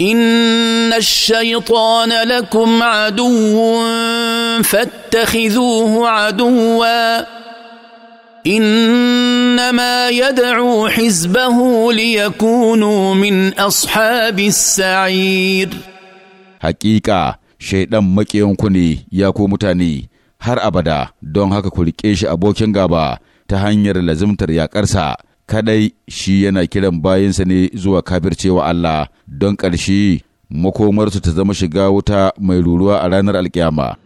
ان الشيطان لكم عدو فاتخذوه عدوا انما يدعو حزبه ليكونوا من اصحاب السعير حقيقه shaidan maƙiyanku ne ya ku mutane har abada don haka ku riƙe shi abokin gaba ta hanyar lazimtar yaƙarsa kadai shi yana kiran bayansa ne zuwa kafircewa Allah don ƙarshe makomarsu ta zama shiga wuta mai ruruwa a ranar alƙiyama.